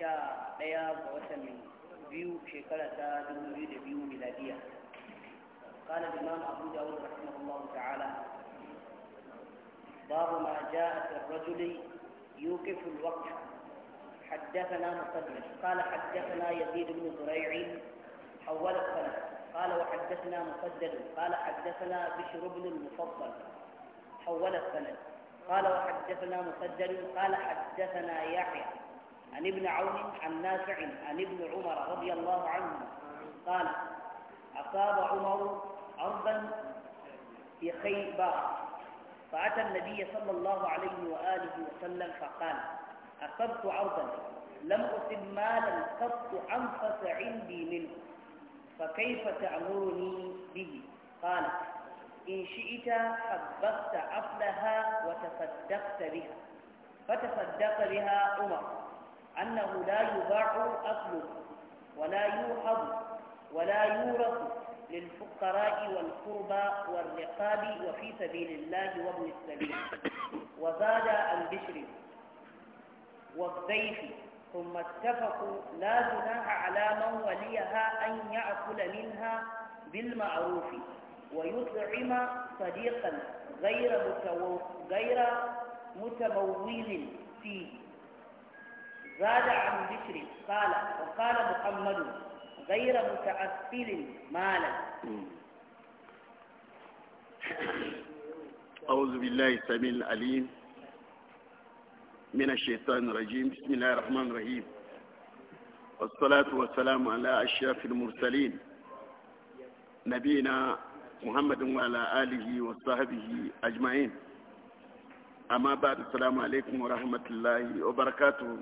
sha ɗaya ga watan biyu shekara ta dubu biyu da biyu miladiya قال الإمام أبو داود رحمه الله تعالى باب ما جاء في الرجل يوقف الوقت حدثنا مصدر قال حدثنا يزيد بن زريع حول السند قال وحدثنا مسدد قال حدثنا بشر بن المفضل حول السند قال وحدثنا مسدد قال حدثنا يحيى عن ابن عون عن نافع عن ابن عمر رضي الله عنه قال أصاب عمر أرضا في خيبر فأتى النبي صلى الله عليه وآله وسلم فقال أصبت عرضا لم أصب مالا قط أنفس عندي منه فكيف تأمرني به قال إن شئت حببت أفلها وتصدقت بها فتصدق بها عمر أنه لا يباع أكله ولا يوحظ ولا يورث للفقراء والقربى والرقاب وفي سبيل الله وابن السبيل وزاد البشر والضيف ثم اتفقوا لا جناح على من وليها أن يأكل منها بالمعروف ويطعم صديقا غير متمول فيه زاد عن بشر قال وقال محمد غير متأثر مالا أعوذ بالله السميع العليم من الشيطان الرجيم بسم الله الرحمن الرحيم والصلاة والسلام على أشرف المرسلين نبينا محمد وعلى آله وصحبه أجمعين أما بعد السلام عليكم ورحمة الله وبركاته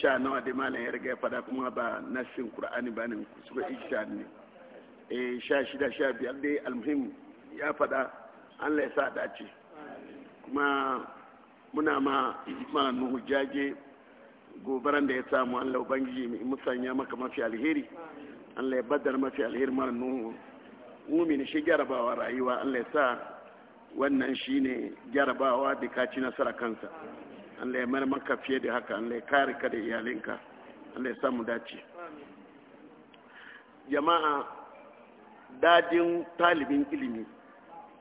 sha nawa dai malam ya riga ya fada kuma ba nasin qur'ani ba ne ba isha ne eh sha shida sha biyar dai almuhim ya fada Allah ya sa dace kuma muna ma malam nuhu jaje gobaran da ya samu Allah ubangiji musanya maka mafi alheri Allah ya badar mafi alheri malam nuhu ne shi jarabawa rayuwa Allah ya sa wannan shine jarabawa da ka nasara kansa Allah ya mara maka fiye da haka Allah ya kare ka da iyalinka Allah ya samu dace jama'a dadin talibin ilimi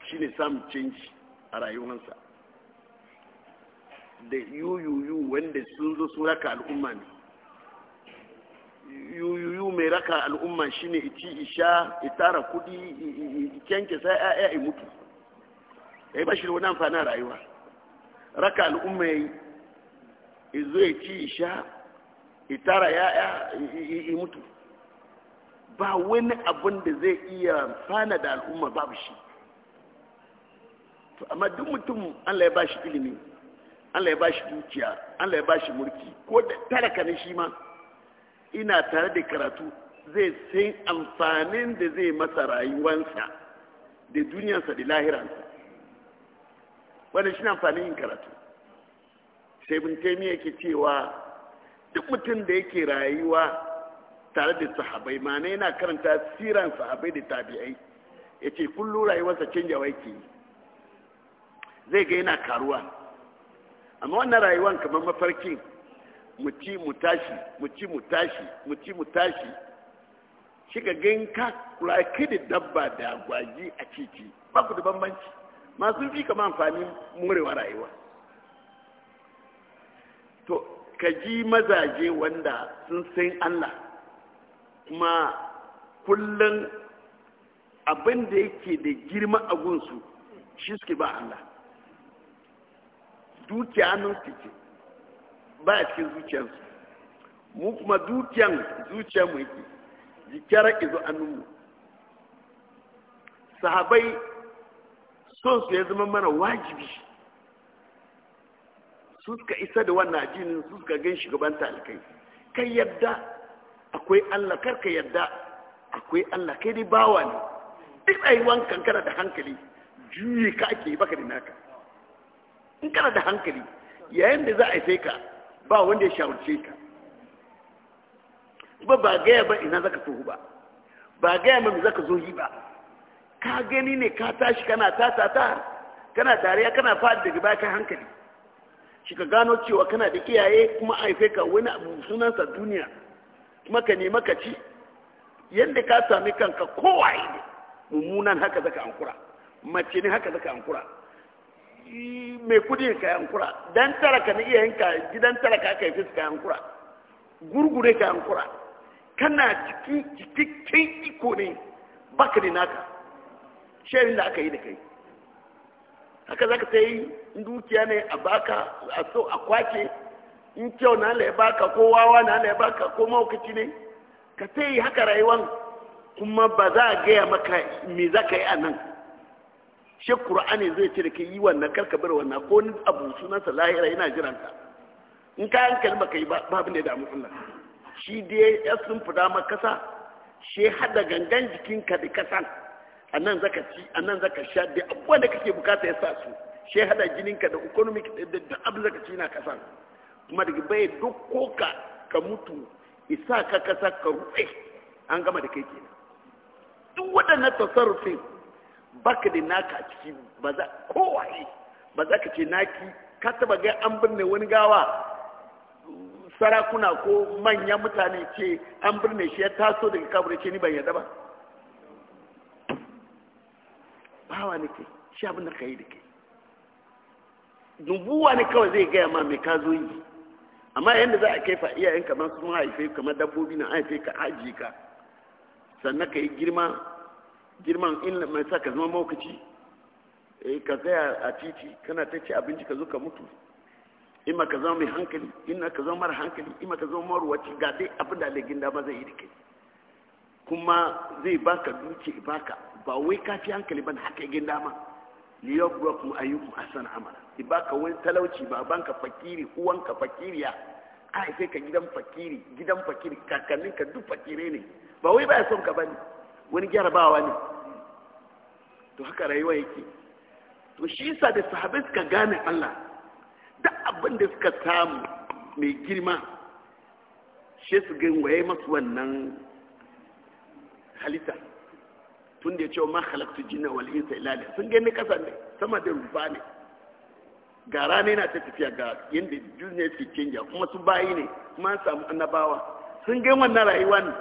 shine samun canji a rayuwarsa da yuyuyu wanda sun zo sun raka al'umma ne yuyuyu mai raka al'umma shine ici isha itara kudi kyanke sai ya'ya mutu ya yi bashi da wani amfani a rayuwa raka al'umma ya yi izo ya ci sha itara ya yi mutu ba wani abin da zai iya fana da al'umma babu shi to amma duk mutum allah ya bashi ilimi allah ya bashi dukiya allah ya bashi mulki ko da talaka ne shi ma ina tare da karatu zai san amfanin da zai masa rayuwansa da duniyarsa da lahiransa wanda shi na amfanin yin karatu sai bin taimiyya yake cewa duk mutum da yake rayuwa tare da sahabai ma na yana karanta siran sahabai da tabi'ai ya ce kullu rayuwarsa canja yake zai ga yana karuwa amma wannan rayuwan kamar mafarkin muci ci mu tashi muci ci mu tashi mu ci mu tashi shi ga ganka ka kula da dabba da agwagi a ciki ba ku da bambanci masu fi kama amfanin morewa rayuwa to ka ji mazaje wanda sun san Allah kuma kullum abin da yake da girma a gunsu shi suke ba Allah dukiya nan suke ba a cikin zuciyarsu mu kuma dukiyan mu yake jikyar izo annunmu sahabai son su ya zama mana wajibi su suka isa da wannan ajinin su suka gan shugaban talikai kai yadda akwai Allah karka yadda akwai Allah kai dai bawa ne duk rayuwan kankara da hankali juye ka ake baka da naka in kana da hankali yayin da za a sai ka ba wanda ya shawarce ka ba ba gaya ba ina zaka tuhu ba ba gaya ba zaka zo yi ba ka gani ne ka tashi kana tata ta kana dariya kana fadi daga baya hankali kika gano cewa kana da iyaye kuma haife ka wani abu sunansa duniya kuma ka nema ka ci yadda ka sami kanka kowaye ne mummunan haka zaka ankura mace ne haka zaka ankura mai kudi ka ankura dan talaka na ka gidan talaka ka haife su ka ankura gurgure ka ankura kana cikin cikin iko ne baka ne naka sharin da aka yi da kai haka zaka ta yi dukiya ne a baka a so a kwace in kyau na la ya baka ko wawa na la ya baka ko maukaci ne ka ta yi haka rayuwan kuma ba za a gaya maka me za ka yi a nan shi ƙura'ani zai ce da ka yi wannan karka bar wannan ko ni abu sunansa lahira yana ta in ka ba ka yi ba da ya damu Allah shi dai ya sun dama makasa shi hada gangan jikinka da kasan a nan zaka ci a zaka sha da abubuwan da kake bukata ya sa su shi hada jininka da economic da duk abin zaka ci na kasan kuma daga bai duk koka ka mutu isa ka kasa ka rufe an gama da kai kenan duk waɗannan tasarrufin baka da naka a ciki ba za kowaye ba za ka ce naki ka taba ga an binne wani gawa sarakuna ko manyan mutane ce an birne shi ya taso daga kaburin ce ni ban yarda ba bawa ne kai shi abin da ka yi da kai dubuwa ne kawai zai gaya ma mai ka zo yi amma yadda za a kai fa iyayen kamar sun haife kamar dabbobi na haife ka aji ka sannan ka yi girma girman in mai sa ka zama maukaci eh, ka tsaya a titi kana ta ci abinci ka zo ka mutu in ka zama mai hankali in ka zama mara hankali in ka zama wacce ga dai abin da alegin dama zai yi da kai kuma zai baka duki baka ba wai kafi hankali ba haka igin dama a san amara ti ba ka wani talauci ba ka fakiri uwanka fakiriya a sai ka gidan fakiri gidan fakiri kakannin ka duk fakire ne ba wai ba son ka bane wani gyarabawa ne to haka rayuwa yake to shi yasa da sahabbai suka gane Allah da abin da suka samu mai girma shi su gani waye masu wannan halitta tun da ya ce wa ma halaktu jinna wal insa illa sun gani kasa ne sama da rufa ne ga rana yana ta tafiya ga yadda duniya ke canja kuma su bayi ne kuma an samu annabawa sun gani wannan rayuwa ne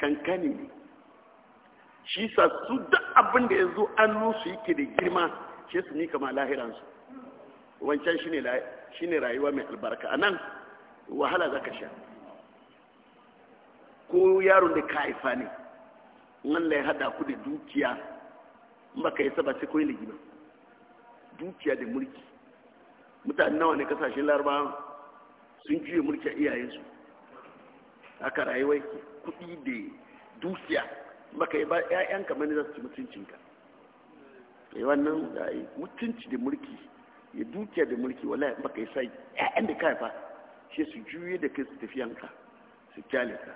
kankani ne shi sa su da abin da ya zo an nusu yake da girma shi su ni kama lahiransu wancan shi ne rayuwa mai albarka a nan wahala za ka sha ko yaron da ka haifa ne nan Allah ya hada ku da dukiya in baka yi saba sai koyi ligima dukiya da mulki mutane nawa ne kasashen larba sun juye mulki a iyayensu haka rayuwa yake kuɗi da dukiya baka yi ba 'ya'yan kamar ne za su ci mutuncinka eh, yi wannan da mutunci da mulki ya dukiya da mulki ba ka yi sa 'ya'yan da kai fa shi su juye da kai su tafiyanka su kyale ka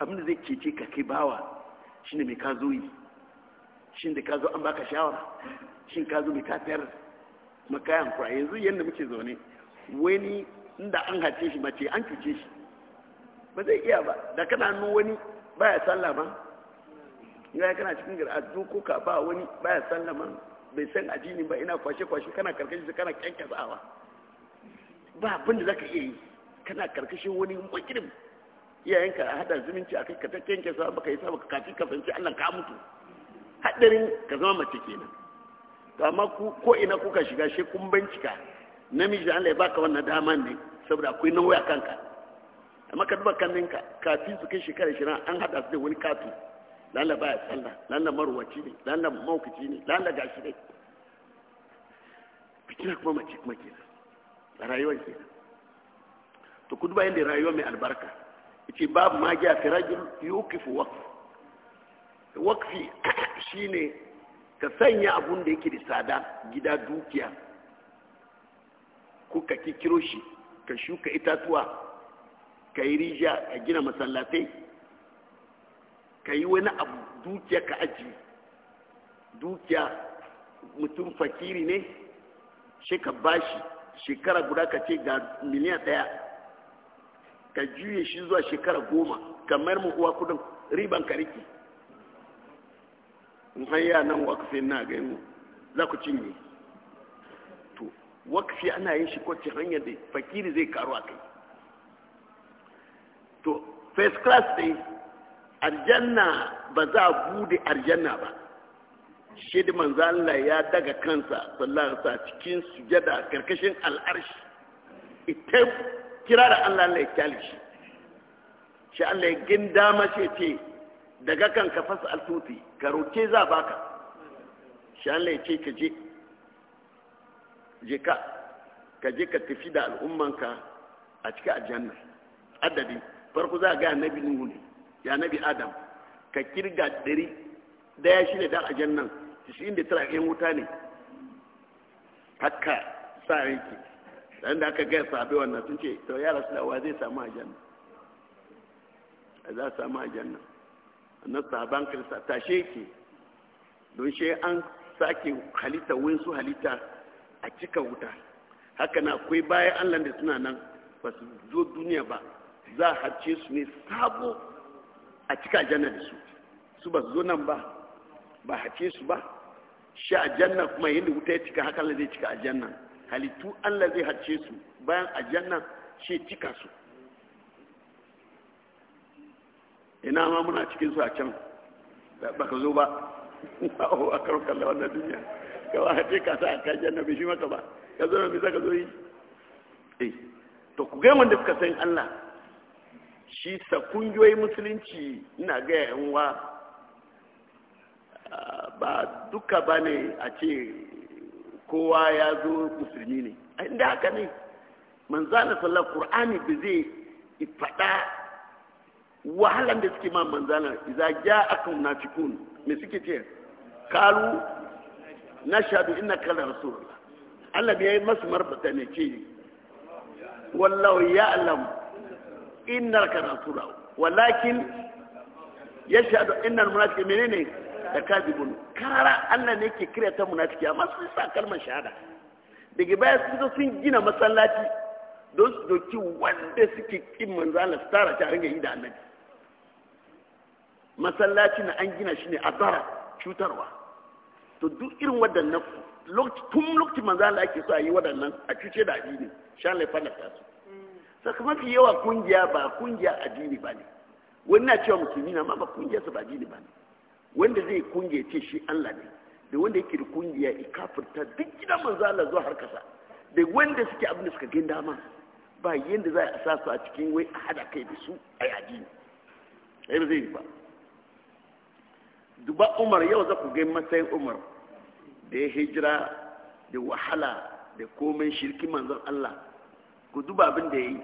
abin da zai kece ka kai bawa ne mai ka zo yi shin da ka zo an baka shawara shin ka zo mai ka tayar makayan kayan kura yanzu yadda muke zaune wani inda an hace shi mace an cuce shi ba zai iya ba da kana nu wani baya sallah ba ya kana cikin gara ko ka ba wani baya sallah ma bai san ajini ba ina kwashe kwashe kana karkashin kana kyankyasawa ba abin da zaka iya yi kana karkashin wani makirin iyayenka a hada zumunci a kai ka takken ke sa baka yi sa baka kafi ka fanci Allah ka mutu hadarin ka zama mace kenan to amma ko ina kuka shiga shi kun bincika namiji Allah ya baka wannan dama ne saboda akwai nauyi a kanka amma ka duba kanninka kafi su kai shekara shi an hada su da wani kafi lalla baya sallah lalla marwaci ne lalla maukaci ne lalla gashi ne fitina kuma mace kuma kenan rayuwar kenan to ku duba yadda rayuwa mai albarka ce babu ma ja yi rajul yukifu waqf shine ka sanya abun da yake da tsada gida dukiya ko ka kikiro shi ka shuka itatuwa ka yi rija ka gina masallatai ka yi wani abu dukiya ka ajiye dukiya mutum fakiri ne shi ka bashi shekara guda ka ce ga miliyan daya ka juye shi zuwa shekara goma kamar mu kuwa kudin riban ka riki in hanya nan wakfi na ga yin za ku cinye to wakfi ana yin shi kwace hanyar da fakiri zai karu a kai to first class dai Arjanna ba za a bude Arjanna ba shi da manzala ya daga kansa sallarsa cikin sujada karkashin al'arshi ita kira da Allah Allah ya kyale shi shi Allah ya gin dama ce ce daga kan ka fasa altuti ka roke za baka shi Allah ya ce ka je je ka ka je ka tafi da al'ummanka a cikin aljanna adadi farko za a ga nabi nuhu ne ya nabi adam ka kirga dari daya shi ne shi aljannan 99 'yan wuta ne haka sa yake dan da aka gaya sahabi wannan sun ce to ya rasu wa zai samu a za samu aljanna na sahaban kirista ta ke don she an sake halitta winsu halitta a cika wuta haka na akwai bayan allah da suna nan ba su zo duniya ba za a harce su ne sabo a cika janna da su su ba su zo nan ba ba harce su ba shi janna kuma yadda wuta ya cika haka zai cika a janna. halittu Allah zai harce su bayan aljanna shi cika su ina ma muna cikin su a can ba ka zo ba ma'o a karkar da wannan duniya kawai a ka kasa a kan janna bai shi maka ba ka zo na bisa ka zo yi eh to ku gaiman da suka san Allah shi sa kungiyoyin musulunci ina gaya yan wa ah, ba duka ba ne a ce kowa ya zo musulmi ne inda haka ne manzana sallar qur'ani da zai faɗa wahalan da suke ma manzana iza ja aka munafikun me suke ce kalu na shaɗu ina kala rasulullah Allah ya yi masu marbata ne ce wallahu ya alam inna ka rasulullah walakin ya shaɗu inna munafikun menene da kadibun karara Allah ne ke kira ta munafiki amma sun sa kalmar shahada daga baya sun zo sun gina masallaci don su doki wanda suke kin manzo Allah su tara ta ringa yi da annabi masallaci na an gina shi ne a bara cutarwa to duk irin waɗannan tun lokaci manzo Allah ake so a yi waɗannan a cuce da addini sha Allah ta su kuma mafi yawa kungiya ba kungiya addini ba ne wani na cewa musulmi na ma ba kungiya su ba addini ba ne wanda zai kungiya ce shi Allah ne da wanda yake da kungiya ya kafirta duk gidan manzo Allah zuwa har kasa da wanda suke abin da suka gain dama ba yanda za a sa su a cikin wai a hada kai da su a yaji ne ai ba zai ba duba Umar yau za ku ga matsayin Umar da ya hijira da wahala da komai shirki manzon Allah ku duba abin da ya yi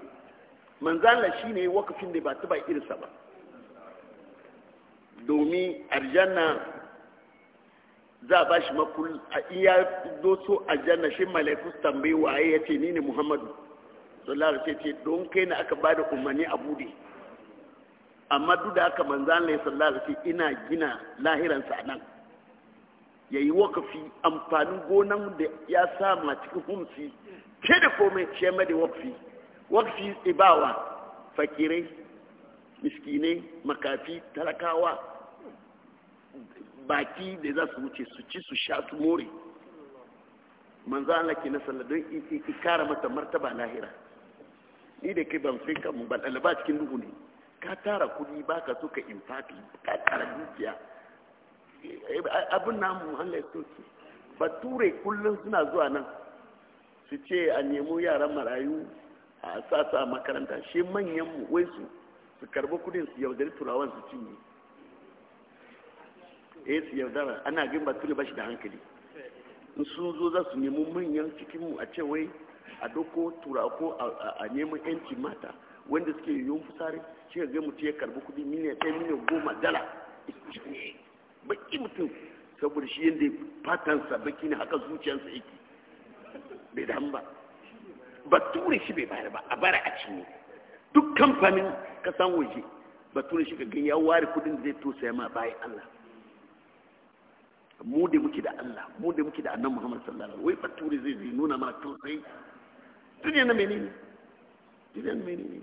manzala shi ne wakafin da ba ba irinsa ba domin aljanna za a ba shi makul a iya doso aljanna shi malaiku tambayi waye ya ce ni ne muhammadu sallallahu alaihi ce don kai na aka bada umarni a bude amma duk da aka manzan lai sallallahu alaihi ina gina lahiransa a nan ya yi wakafi amfanin gonan da ya sama cikin humsi ke da komai ce mai da wakafi wakafi ibawa fakirai miskinai makafi talakawa baki da za su wuce su ci su sha su more manzo Allah ke na sallah don ikara mata martaba lahira ni da kai ban sai kan ba ba cikin duhu ne ka tara kudi ba ka so ka infati ka tara dukiya abin namu Allah ya soke bature kullun suna zuwa nan su ce a nemo yaran marayu a sa makaranta shi manyan mu wai su su karbi kudin su yaudari turawan su cinye yi eh, su yaudara ana gin ba ture ba shi da hankali in sun zo za su nemi manyan cikinmu a ce wai a doko tura ko a neman yanci mata wanda suke yiwu fusari shi ga gai mutu ya karbi kudi miliyan ɗaya miliyan goma dala baki mutum saboda shi yadda fatansa baki ne haka zuciyarsa yake bai damu ba ba ture shi bai bayar ba a bara a cinye duk kamfanin kasan waje ba ture shi ga gan ya ware kudin da zai tosa ya ma bayan allah mu da muke da Allah mu da muke da annabi Muhammad sallallahu alaihi wasallam wai bature zai zai nuna mana sai duniya na menene duniya na menene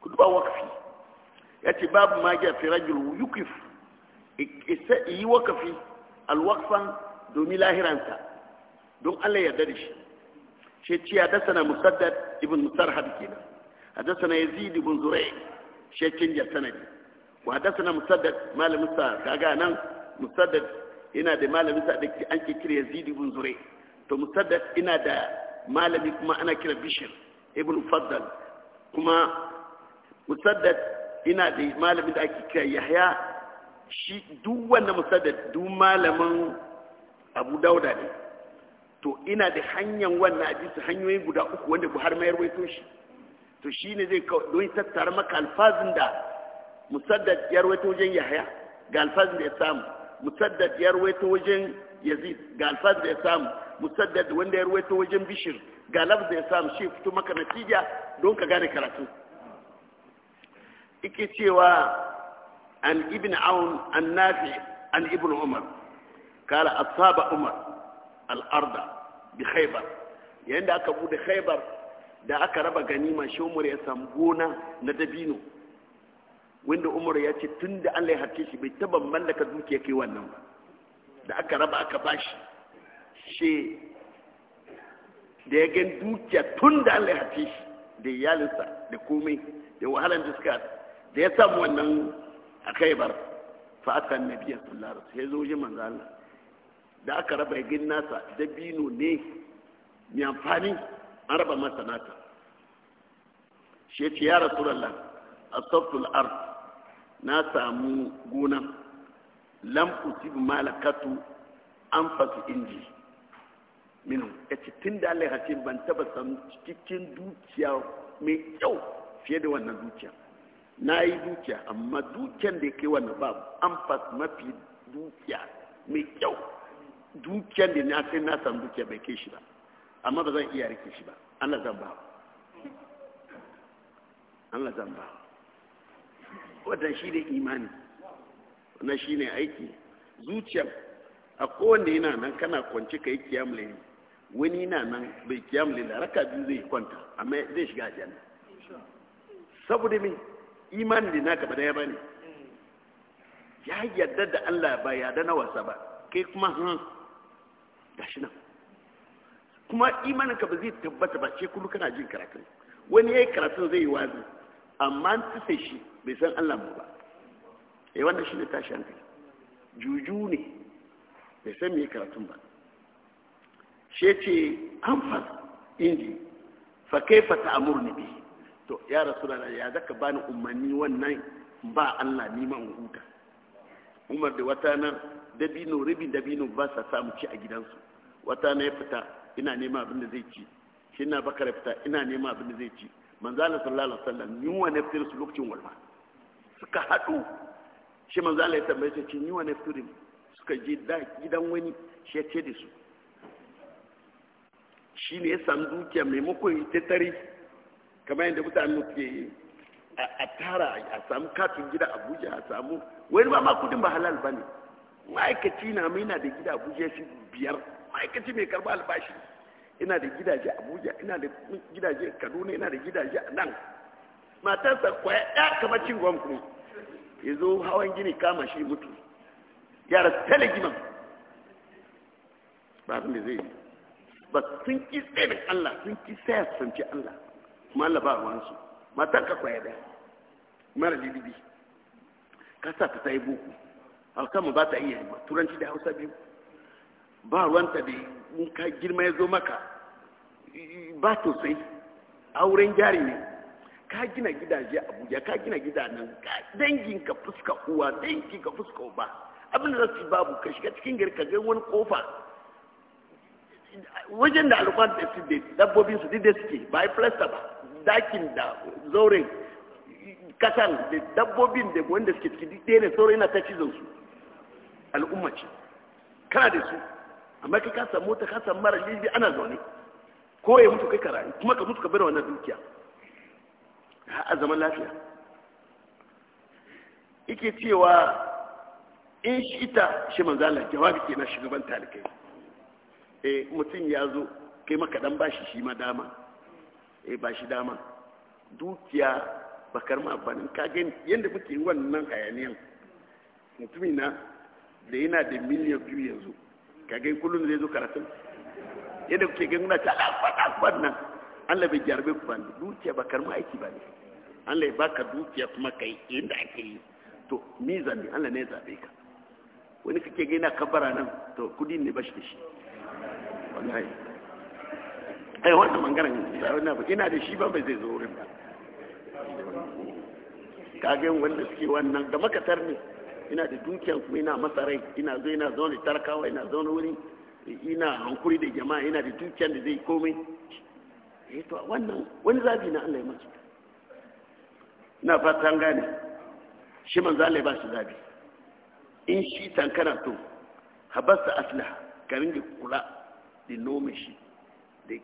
ku duba wakafi ya ce babu ma ga fi rajul yukif yi wakafi alwakfan domin lahiransa don Allah ya da shi shi ce ya na musaddad ibn musarhad kenan zurayh يزيد بن زريع sanadi wa hadasa na musaddad مال sa كاغا nan. musaddad ina da malami sa da an ke kira yazid ibn zure to musaddad ina da malami kuma ana kira bishir ibn faddal kuma musaddad ina da malami da ake kira yahya shi duk wannan musaddad duk malamin abu dauda ne to ina da hanyar wannan a hadisi hanyoyin guda uku wanda buhari mayar waito shi to shi ne zai don tattara maka alfazin da musaddad ya rawaito wajen yahya ga alfazin da ya samu musaddad ya ruwaito wajen yazid ga alfaz da ya samu musaddad wanda ya ruwaito wajen bishir ga lafz da ya samu shi fito maka natija don ka gane karatu ike cewa an ibn aun an nafi an ibn umar kala asaba umar al'arda bi khaybar yayin da aka bude khaybar da aka raba ganima shi umar ya samu gona na dabino wanda umar ya ce tun da allah ya harce shi bai taba mallaka dukiya kai wannan ba da aka raba aka bashi shi da ya gan dukiya tun da allah ya harce shi da iyalinsa da komai da wahalar da suka da ya samu wannan a kaibar fa'ata nabiya sallallahu alaihi wasallam zo wajen manzo allah da aka raba ya gin nasa dabino ne mai amfani an raba masa nata shi ya ce ya rasu asabtul ard na samu gona lam usib malakatu an fasu inji minu a cikin tun da Allah ya ban taba samu cikin dukiya mai kyau fiye da wannan dukiya na yi dukiya amma dukiyan da ya kai wannan babu an fasu mafi dukiya mai kyau dukiyan da na sai na samu dukiya bai kai shi ba amma ba zan iya rike shi ba Allah zan ba Allah zan ba wannan shi ne imani wannan shi ne aiki zuciya a kowanne yana nan kana kwanci ka yi kiyamle wani yana nan bai kiyamle da raka biyu zai kwanta amma zai shiga aljanna saboda mai imani da naka ba daya bane ya yarda da Allah ba ya da na wasa ba kai kuma ga shi nan kuma imanin ka ba zai tabbata ba ce kullu kana jin karatun wani ya yi karatun zai yi wazi amma an tufe shi bai san Allah mu ba eh wannan ne tashi hankali juju ne bai san me karatun ba shi yace anfas inji fa kaifa ne bi to ya rasulullah ya zaka bani umarni wannan ba Allah ni man huta umar da wata nan dabino rabin dabino ba sa samu ci a gidansu wata na ya fita ina nema abin da zai ci shi na bakar fita ina nema abin da zai ci manzala sallallahu alaihi wasallam yunwa ne fitar su lokacin walma suka haɗu shi manzala ya tambaye shi yunwa ne fitar suka je gidan wani shi ya ce da su shi ne ya samu dukiya maimakon ita tare kamar yadda mutane ke yi a tara a samu katin gida abuja a samu wani ba ma kudin ba halal ba ne ma'aikaci na mai na da gida abuja shi biyar ma'aikaci mai karba albashi ina da gidaje abuja ina da gidaje kaduna ina da gidaje a nan matarsa kwaya ya kama cin gwam kuma ya zo hawan gini kama shi mutu yara telegiman ba abin da zai yi ba sun ki tsirin allah sun ki saya sanci allah kuma allah ba ruwansu ka kwaya daya mara lidibi kasa ta ta yi boko alkama ba ta iya yi ba turanci da hausa biyu ba ruwanta da in ka girma ya zo maka ba sosai auren jari ne ka gina gidaje abuja ka gina gidanen dangin ka fuska uwa dangin ka fuska uba abin da za su babu ka shiga cikin gari ka ga wani kofa wajen da alkwan da su da dabbobin su da suke ba yi plasta ba dakin da zauren kasan da dabbobin da wanda suke cikin duk ne sauran na ta cizon su al'umma ce kana da su amma ka kasa mota ka mara lili ana zaune ko ya mutu kai ka rayu kuma ka mutu ka bar wannan dukiya a zaman lafiya ike cewa in shi ita shi manzala jawabi ke na shugaban talikai eh mutum ya zo kai maka dan bashi shi ma dama eh bashi dama dukiya bakar ma banin ka gani yadda muke wannan hayaniyan mutumina da yana da miliyan biyu yanzu ka gani kullum zai zo karatun yadda kuke ganin na ta akbar nan Allah bai jarbe ku ba ne dukiya ba karma aiki ba ne Allah ya baka dukiya kuma kai inda ake yi to ni ne Allah ne zabe ka wani kake gaina kabara nan to kudi ne bashi da shi wallahi ai wannan mangaran wannan ba ina da shi ba bai zai zo wurin ba kagen wanda suke wannan da makatar ne ina da dukiyan kuma ina masarai ina zo ina ne tarkawa ina zaune wuri ina hankuri da jama'a ina da dukiyar da zai komai eto eh to wannan wani zafi na Allah ya masa na fatan gane shi manzo Allah ya ba shi zafi in shi tankara to habasa aslah karin da kula da nome shi da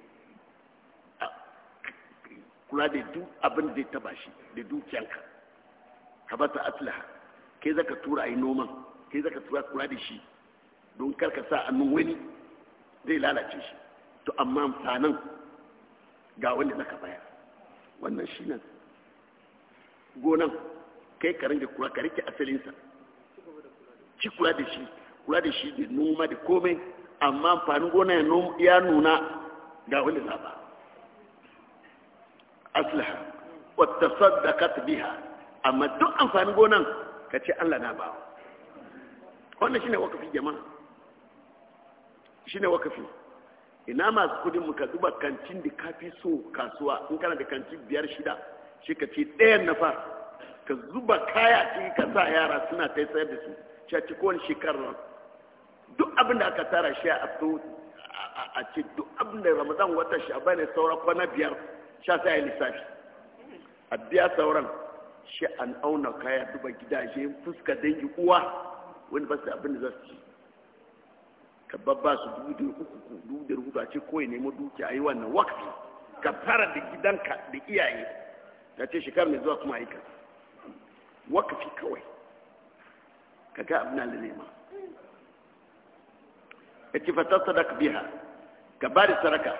kula da duk abin da zai taba shi da dukiyanka habasa aslah kai zaka tura ai noman kai zaka tura kula da shi don karka sa hannun wani zai lalace shi to amma sanan ga wanda zaka bayar wannan shi nan gonan kai ka rinke kura ka rike asalinsa ci kula da shi kula da shi da noma da komai amma amfanin gona ya nuna ga za ba aslaha wata sadaka biha amma duk amfanin gonan ka ce allah na wa. wannan shi ne wakafi jama'a shine wakafi ina masu kudin muka duba kancin da kafi so kasuwa in kana da kantin biyar shida shi ka ce ɗayan na fa ka zuba kaya ciki ka sa yara suna ta sayar da su shi a cikin shekarar duk abin da aka tara shi a fito a ce duk abin da ramadan wata shi a bane saura kwana biyar sha sa yi lissafi a biya sauran shi an auna kaya duba gidaje fuska dangi uwa wani ba su abin da za su ci ka babba su dubu da uku dubu da rubuta ce kawai nemo duki a yi wannan wakfi ka fara da gidanka da iyaye ka ce shekar mai zuwa kuma aika wakfi kawai ka ga abin da nema ya ce fata sadaka biha ka ba da saraka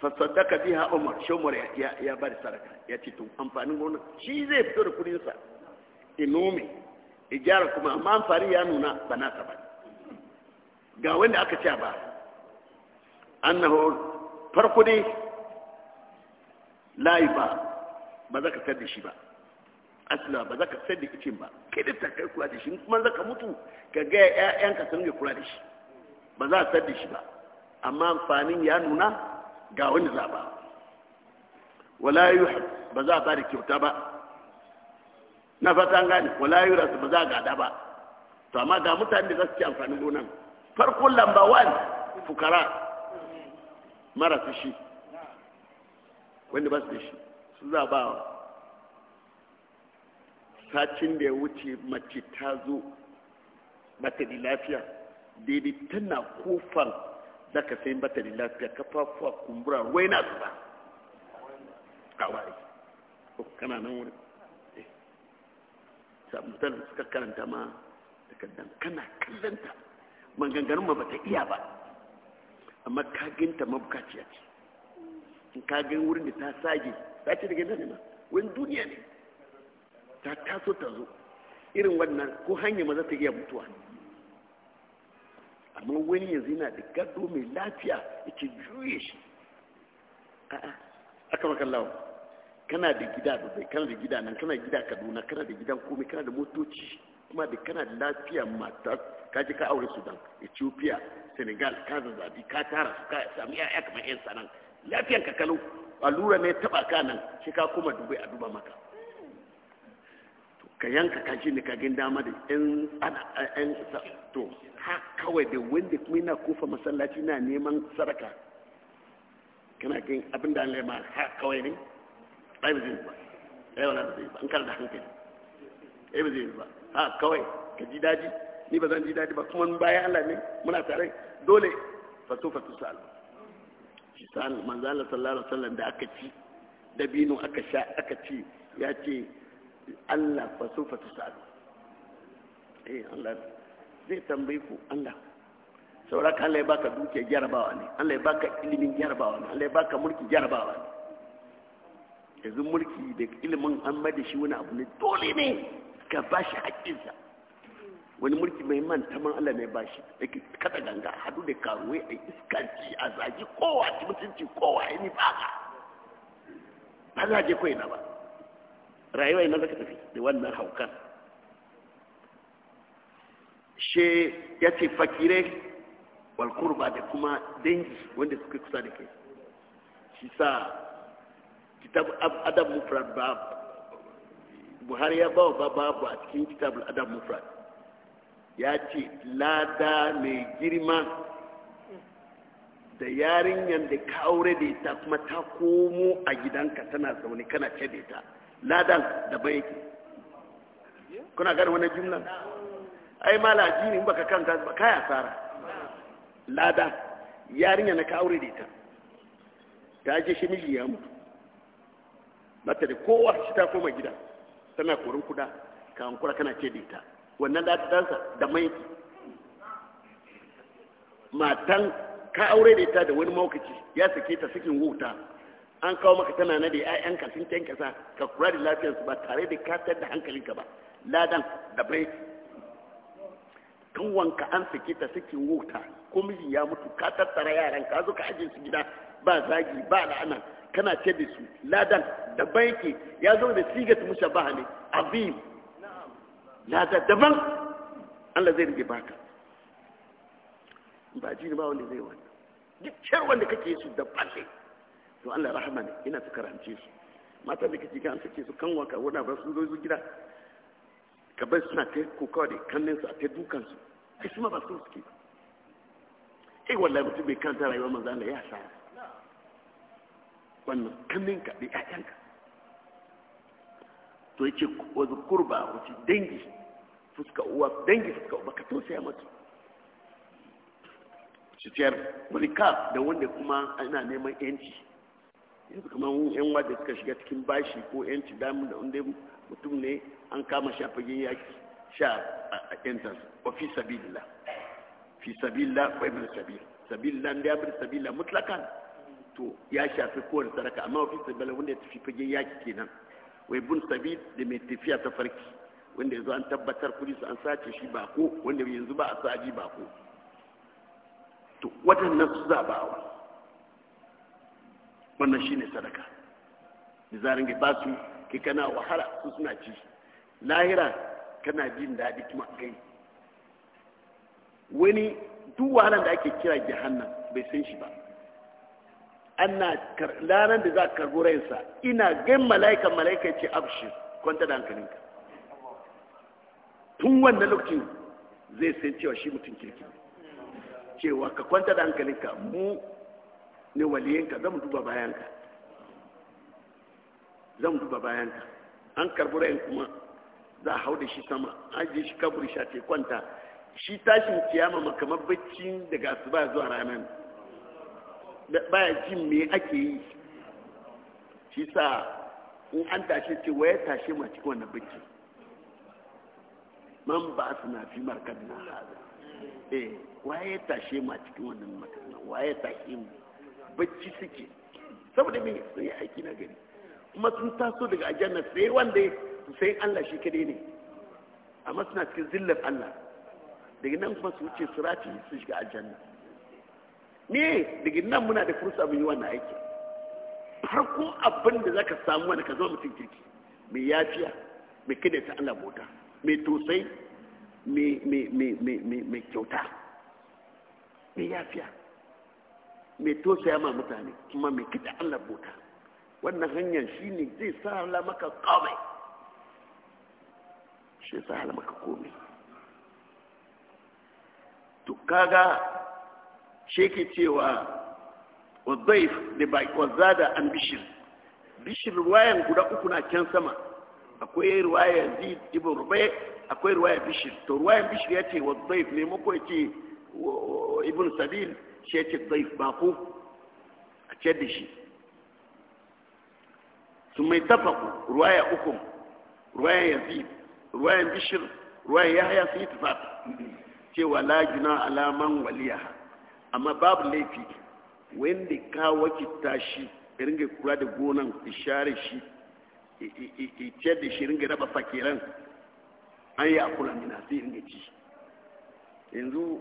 fasadaka biha umar shomar ya ba da saraka ya ce tun amfanin gona shi zai fito da kudinsa inome ijara kuma amma amfani ya nuna ba nasa ba ga wanda aka ce ba annahu farko dai layi ba ba za ka sayar da shi ba asila ba za ka sayar da kicin ba kai da ta kai kula da shi kuma za ka mutu ka ga ƴaƴanka sun yi kula da shi ba za a sayar da shi ba amma amfanin ya nuna ga wanda za ba wala yuhab ba za a ba da kyauta ba na fata an gane wala yura ba za a gada ba to amma ga mutane da za su ci amfanin gonan farko lamba wani fukara mara fushi, wanda ba su da shi su za ba sacin da ya wuce mace ta zo bata da lafiya daidai tana kofar za ka sayin bata da lafiya kafafuwa kumbura wai na zuba kawai kana nan wuri eh. samun suka karanta ma takardar kana kallanta maganganun ma bata iya ba amma kaginta mabukaciya ce in kagin wurin da ta sage ta ce daga nan ma wani duniya ne ta taso ta zo irin wannan ko hanya maza ta iya mutuwa amma wani yanzu yana da gado mai lafiya yake juye shi a'a aka maka lawa kana da gida dubai kana da gida nan kana gida kaduna kana da gidan komai kana da motoci kuma da kana da lafiya mata ka ji ka aure sudan ethiopia senegal ka zazzabi ka tara su ka sami ya'ya kamar yan sanan lafiyan ka kalu allura ne taba ka nan shi ka kuma dubai a duba maka ka yanka kashi ne kagin dama da yan yan to ha kawai da wanda kuma yana kofa masallaci na neman saraka kana kin abin da Allah ma ha kawai ne ai ba zai ba ai wala ba zai ba an kar da hankali ai ba zai ba ha kawai ka ji daji ni ba zan ji daɗi ba kuma bayan Allah ne muna tare dole fato fato sa'al shi sa'al manzo Allah sallallahu alaihi wasallam da aka ci dabino aka sha aka ci ya ce Allah fato fato sa'al eh Allah zai tambaye ku Allah sauraka Allah ya baka dukiya jarabawa ne Allah ya baka ilimin jarabawa ne Allah ya baka mulki jarabawa ne yanzu mulki da ilimin an bada shi wani abu ne dole ne ka bashi haƙƙinsa wani mulki mai manta man Allah mai bashi yake kada ganga hadu da karuwai a iskanci a zagi kowa ci mutunci kowa ya ni baka ba za je kawai na ba rayuwa ina zaka tafi da wannan haukan she ya ce fakirai wal ba da kuma dangi wanda suka kusa da kai shi sa kitab adam mufrad ba buhari ya ba wa babu a cikin kitab adam mufrad ya ce lada mai girma da yarinyar da ka aure da ita kuma ta komo a gidanka tana zaune kana ce da ita ladan da bai yake kuna gani wani jimlan ai ma laji ne baka kanta ba kaya tsara lada yarinya na ka aure da ita ta je shi miji ya mutu mata da kowa shi ta koma gida tana korin kuda kan kura kana ce da ita wannan ɗansa da mai matan ka aure da ita da wani maukaci ya sake ta sakin wuta an kawo maka tana na da ƴaƴanka sun sa ka kula da lafiyarsu ba tare da katar da hankalinka ba ladan da bai wanka an sake ta sakin wuta ko miji ya mutu ka tattara yaran ka zo ka aje su gida ba zagi ba la'ana kana ce da su ladan da bai ya zo da sigat mushabaha ne azim lada daban Allah zai rige baka ba ji ba wanda zai wani duk ciyar wanda kake su da ne to Allah rahama ne ina su karance su mata da kake kan suke su kan waka wani ba su zo gida ka bar suna ta kokawa da kannin su a ta dukan su kai su ma ba su suke eh wallahi mutum bai kanta rayuwar manzana ya sa wannan kannin ka da ya'yanka to yace kurba wace dangi fuska uwa dangi fuska uba ka tausaya mata ciyar wani kaf da wanda kuma ana neman yanci yanzu kamar yan wadda suka shiga cikin bashi ko yanci damun da wanda mutum ne an kama sha fagen yaki sha a yantar ofi sabila fi sabila ko ibn sabila sabila da ibn sabila mutlaka to ya shafi kowane saraka amma ofi sabila wanda ya tafi fagen yaki kenan wai bun sabi da mai tafiya ta farki wanda yanzu an tabbatar kudi su an sace shi ba ko wanda yanzu ba a saji ba ko to waɗannan su zaɓawa wannan shi ne sadaka da zarin ga ba su kai kana wahala su suna ci lahira kana jin daɗi kuma kai wani duk wahalar da ake kira jahannan bai san shi ba ana lanar da za ka karbo rayansa ina gan mala'ika mala'ika ce abshi kwanta da hankalinka tun wannan lokacin zai san cewa shi mutum kirki cewa ka kwanta da hankalinka mu ne waliyanka zan duba bayanka zan duba bayanka an karbo rayan kuma za a hau da shi sama an je shi kaburi sha ce kwanta shi tashin kiyama makamar baccin daga asuba zuwa ranar baya jin me ake yi shi sa in an tashi ce wa ya tashi ma cikin wannan bacci man ba su na fi markar na haza eh ya tashi ma cikin wannan makarna ya tashi mu bacci suke saboda me sun yi aiki na gari kuma sun taso daga ajiyar sai wanda sai Allah shi kadai ne amma suna cikin zillar Allah daga nan kuma su wuce sirati su shiga aljanna ne daga nan muna da fursa mu yi wannan aiki farko abin da ka samu wani ka zama mutum kirki mai yafiya mai kada ta Allah bota mai tosai mai kyauta mai yafiya mai tosaya ma mutane kuma mai kada Allah bota wannan hanyar ne zai sa maka komai shi sa maka komai to kaga shi ke cewa wadzaif da baki wazada an bishir bishir ruwayan guda uku na can sama akwai ruwaya zid ibu rubai akwai ruwaya bishir to ruwayan bishir ya ce wadzaif ne mako ya ce ibn sabil shi ya ce zaif bako a ce da shi su mai tafaku ruwaya uku ruwayan yazid ruwayan bishir ruwayan yahaya sun yi tufafi cewa lajina alaman waliyaha amma babu laifi wanda ka wakita shi ringa kula da gonan share shi ce da shi ringa raba fakiran an yi akula mina sai ringa ci yanzu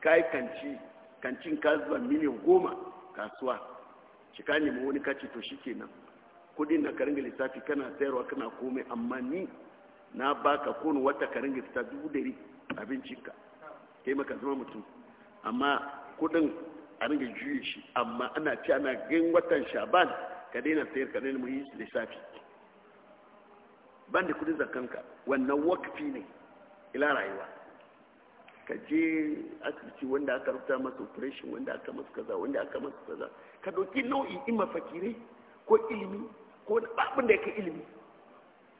ka yi kanci kancin ka zuwa miliyan goma kasuwa shi ka nemi wani kaci to shi kenan kudin na karin lissafi kana sayarwa kana komai amma ni na baka kowane wata karin ringa fita dubu dari abincinka kai maka zama mutum amma kudin a ringa juye shi amma ana ci ana gan watan shaban ka daina sayar ka daina muhi lissafi ban da kudin zakanka wannan wakfi ne ila rayuwa ka je asibiti wanda aka rubuta masa operation wanda aka masa kaza wanda aka masa kaza ka doki nau'i in mafakirai ko ilimi ko babin da yake ilimi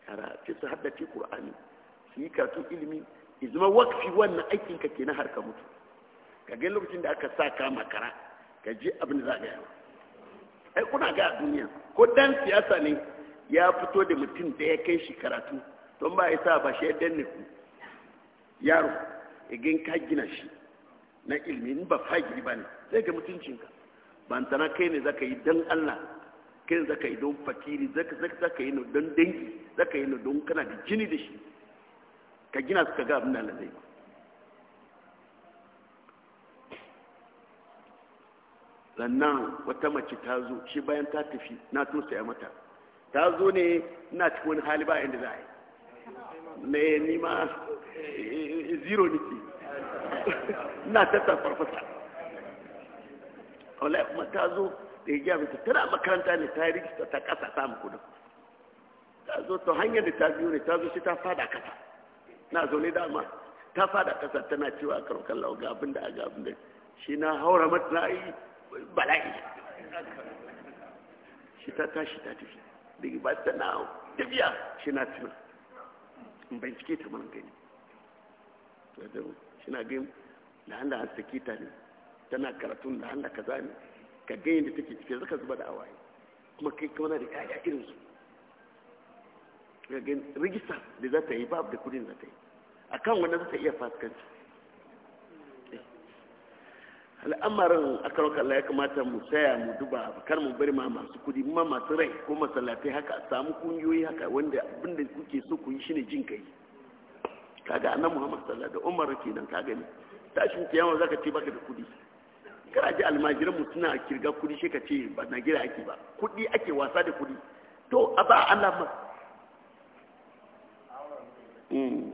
kara ce su haddace qur'ani su yi karatu ilimi Izuma wakfi wannan aikin ka ke har ka mutu ka ga lokacin da aka sa ka makara ka ji abin da za ga yawa ai kuna ga duniya ko dan siyasa ne ya fito da mutum da ya kai shi karatu don ba ya sa ba shi ya danne ku yaro igin ka gina shi na ilimi in ba fagiri ba ne zai ga mutuncinka ban tana kai ne ka yi dan Allah kai ne ka yi don fakiri za ka yi don dangi ka yi don kana da jini da shi ka gina su ka ga abin da Allah zai sannan wata mace ta zo shi bayan ta tafi na tausaya mata ta zo ne ina cikin wani hali ba inda za a yi na yi nima eh, zero niki ina tattar farfasa wala kuma ta zo da ya gya mata tana makaranta ne ta yi rikista ta kasa samun kudin ta zo ta hanyar da ta biyo ne ta zo shi ta fada kasa na ne dama ta fada kasa tana cewa karkar lauga abinda a ga abin da shi na haura mata na yi bala'i shi ta tashi ta tafi daga ba ta na tafiya shi na tuna in bincike ta mana gani shi na gani da handa an sake ta ne tana karatun da handa kaza ne ka gani da take cike zaka zuba da awaye kuma kai kama na da kaya irin su ga gani rigista da za ta yi babu da kudin za ta yi a kan wanda za ta iya fasikanci al'amarin akarwaka Allah ya kamata mu saya mu duba kar mu bari ma masu kudi ma masu rai ko masallatai haka samu kungiyoyi haka wanda abinda kuke so ku yi shine jin kai kaga annabi Muhammad sallallahu alaihi wasallam Umar kenan kaga ne tashin kiyama zaka ce baka da kudi kana ji almajiran mu suna kirga kudi shi ka ce ba na gira ake ba kudi ake wasa da kudi to a ba Allah ma hmm.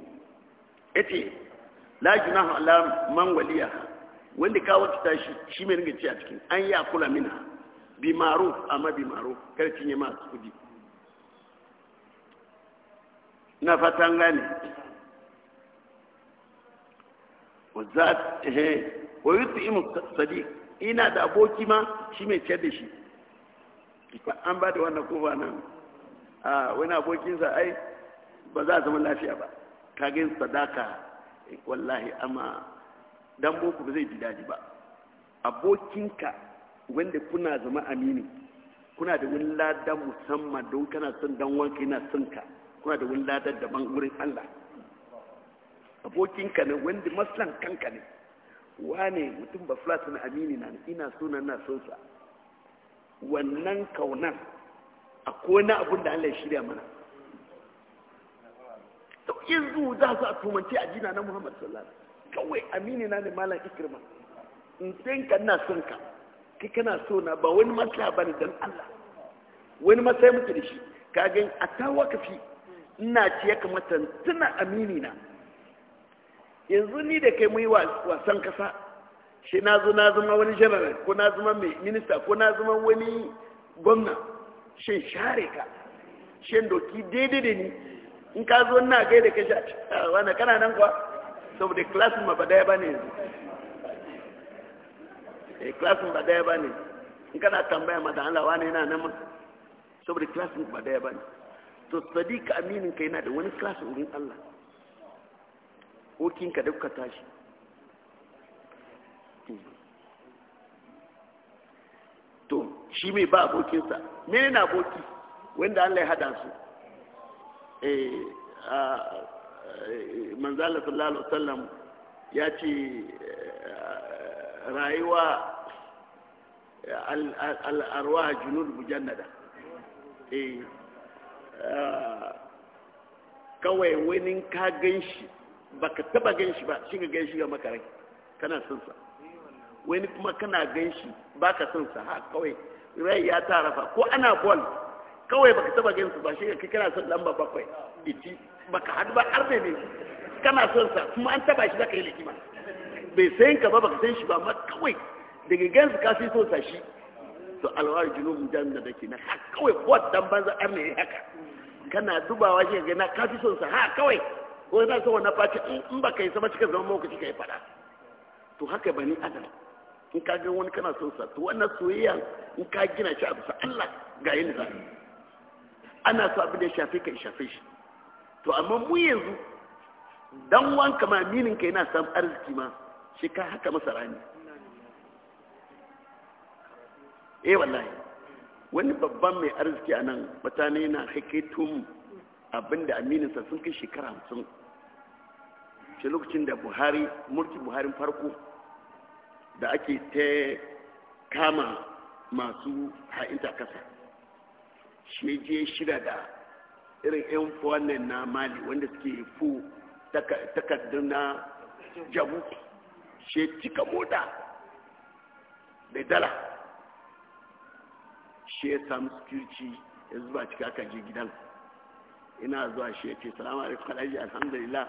yace la junaha ala man waliya wanda kawo kita shi shi mai ringa ci a cikin an ya kula mina bi maro amma bi maro karfi ne masu kudi na fatan gane wa yi su imu sadi ina da aboki ma shi mai ciyar da shi an ba da wannan kofa nan a wani abokinsa ai ba za a zama lafiya ba kagin sadaka wallahi amma dan boko ba zai ji daɗi ba abokinka wanda kuna zama amini kuna da wani ladan musamman don kana son dan wanka yana son ka kuna da wani ladan daban wurin Allah abokinka ne wanda maslan kanka ne wane mutum ba flat na amini na ina so na na son sa wannan kaunan akwai wani abin da Allah ya shirya mana to yanzu za su a tumance a jina na Muhammad sallallahu kawai amini na ne malam ikirma in san ka na son ka kai kana so na ba wani matsala ba ne don Allah wani matsayi mutu da shi ka gan a tawa ka fi ina ce ya kamata tuna amini na yanzu ni da kai mai wasan kasa shi na zo na zama wani general ko na zama mai minista ko na zama wani gwamna shi share ka shi doki daidai da ni in ka zo na gaida ka shi a ah, wani kana nan kuwa saboda klasin ba daya ba ne klasin eh, ba daya ba ne in kana tambaya ma da Allah wani yana nan saboda klasin ba daya ba ne to sadiq aminin ka yana da wani klasin wurin Allah okin ka duka tashi to shi mai ba abokinsa mene na aboki wanda Allah ya hada su eh ah, manzala sallallahu alaihi wasallam ya ce eh, rayuwa al'arwa junud bujannada eh, eh, kawai wani ka gan shi ba ka taba gan shi ba shi ga gan shi ga makarai kana son sa wani kuma kana gan shi ba ka son sa ha kawai rai ya tarafa ko ana bol kawai ba ka taba gan su ba shi ga kana son lamba bakwai iti baka hadu ba arne ne kana son sa kuma an taba shi zaka yi likima bai sai ka ba baka san shi ba amma kawai daga gansu ka sai son sa shi to alwar junubun jami'a da dake na ha kawai ko dan banza arne ne haka kana dubawa shi ga na ka fi son sa ha kawai ko na so wannan faci in baka yi sama cika zaman mawukaci ka yi fada to haka bani adam in ka ga wani kana son sa to wannan soyayya in ka gina shi a bisa Allah ga yin ana so abin da ya shafe ka shafe shi to amma mu yanzu dan wanka ma minin ka yana samun arziki ma shi ka haka masa rani eh wallahi wani babban mai arziki anan nan mutane na haikaitun abinda sa sun kai shekara hamsin shi lokacin da buhari mulki buharin farko da ake ta kama masu ha'inta kasa shi je shida da irin yan wannan na mali wanda suke fu takardun na jamu she cika mota da dala she samu security ya zuba cika aka je gidan ina zuwa shi ya ce salamu alaikum alhaji alhamdulillah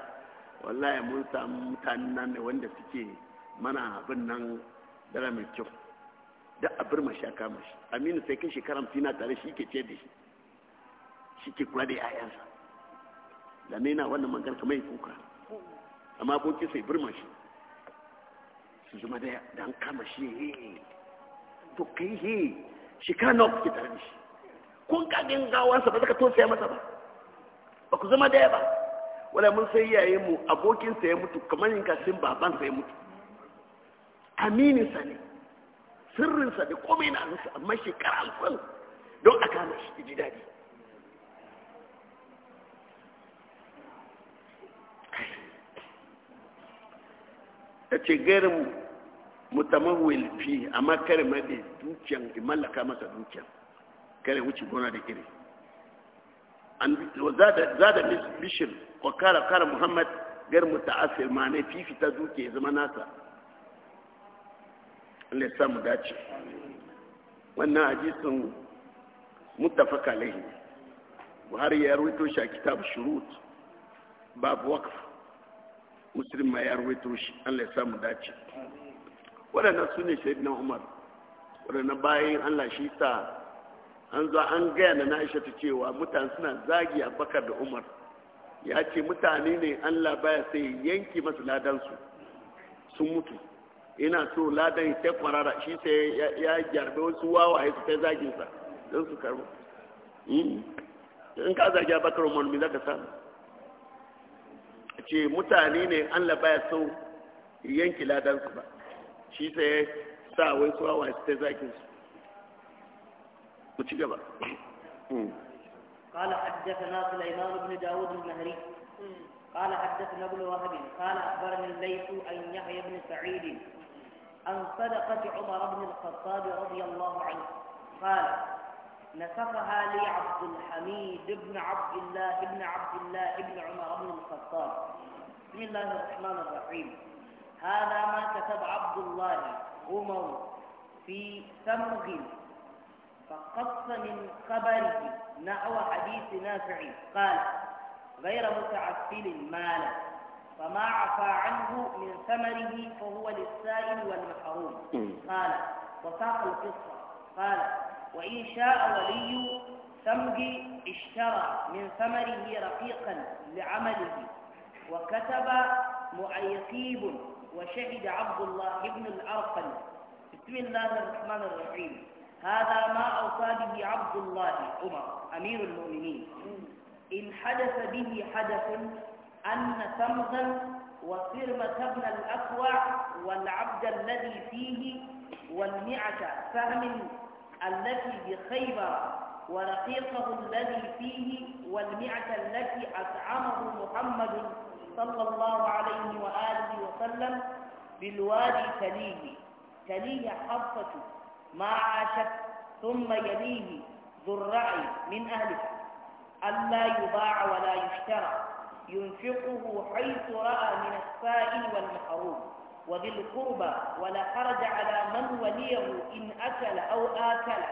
wallahi mun samu mutane nan ne wanda suke mana abin nan dara mai kyau da abir mashi aka mashi aminu sai kai shekara mutina tare shi ke ce da shi shi ke kula da yayansa da na wannan mangar kamar ya kuka amma abokin sai birma shi su zama da an kama shi ne to kai he shi ka nawa kuke tare da shi kun kagin gawansa ba zaka tosaya masa ba ba ku zama daya ba wala mun sai yayi mu abokinsa ya mutu kamar yin kasin babansa ya mutu amininsa ne sirrinsa da komai na amma shekara hamsin don a kama shi ji dadi. ta ce gairin mutamawil fi amma kare ma da dukiyan da mallaka masa dukiyan kare wuce gona da an za da bishir ko kara kara muhammad gar muta'assir ma ne fifita duke zama nasa Allah ya samu dace wannan hadisin muttafaq alaihi Buhari ya rawaito shi a kitab shurut babu wakafa musulun ma ya rubuta shi Allah ya samu dace waɗannan su ne shaidu na umar waɗannan bayan Allah shi sa an zo an gaya na na'isha ta cewa mutane suna zagi a bakar da umar ya ce mutane ne Allah baya sai yanki masu ladansu sun mutu ina so ladan ta kwarara shi sai ya gyarbe wasu wawa ya su ta zaginsa don su karbo hmm? in ka zagi a bakar umar mai zaka ka samu ce mutane ne Allah baya so yanki ladan su ba shi sai sa wai su hawa su ta zakin su ku ci gaba hmm. قال حدثنا سليمان بن داود المهري قال حدثنا ابن وهب قال أخبرني الليث ان يحيى بن سعيد عن صدقة عمر بن الخطاب رضي الله عنه قال نسخها لي عبد الحميد بن عبد الله بن عبد الله بن عمر بن الخطاب بسم الله الرحمن الرحيم هذا ما كتب عبد الله عمر في ثمغ فقص من خبره نحو حديث نافع قال غير متعفل مالا فما عفى عنه من ثمره فهو للسائل والمحروم قال وساق القصة قال وإن شاء ولي ثمج اشترى من ثمره رقيقا لعمله وكتب معيقيب وشهد عبد الله بن الأرقل بسم الله الرحمن الرحيم هذا ما أوصى به عبد الله عمر أمير المؤمنين إن حدث به حدث أن ثمغا وصرمة بن الأكوع والعبد الذي فيه والمعة سهم التي بخيبر ورقيقه الذي فيه والمعة التي أطعمه محمد صلى الله عليه وآله وسلم بالوادي تليه تليه حصه ما عاشت ثم يليه ذو الرعي من أهلها ألا يباع ولا يشترى ينفقه حيث رأى من السائل والمحروم وذي القربى ولا حرج على من وليه إن أكل أو آكل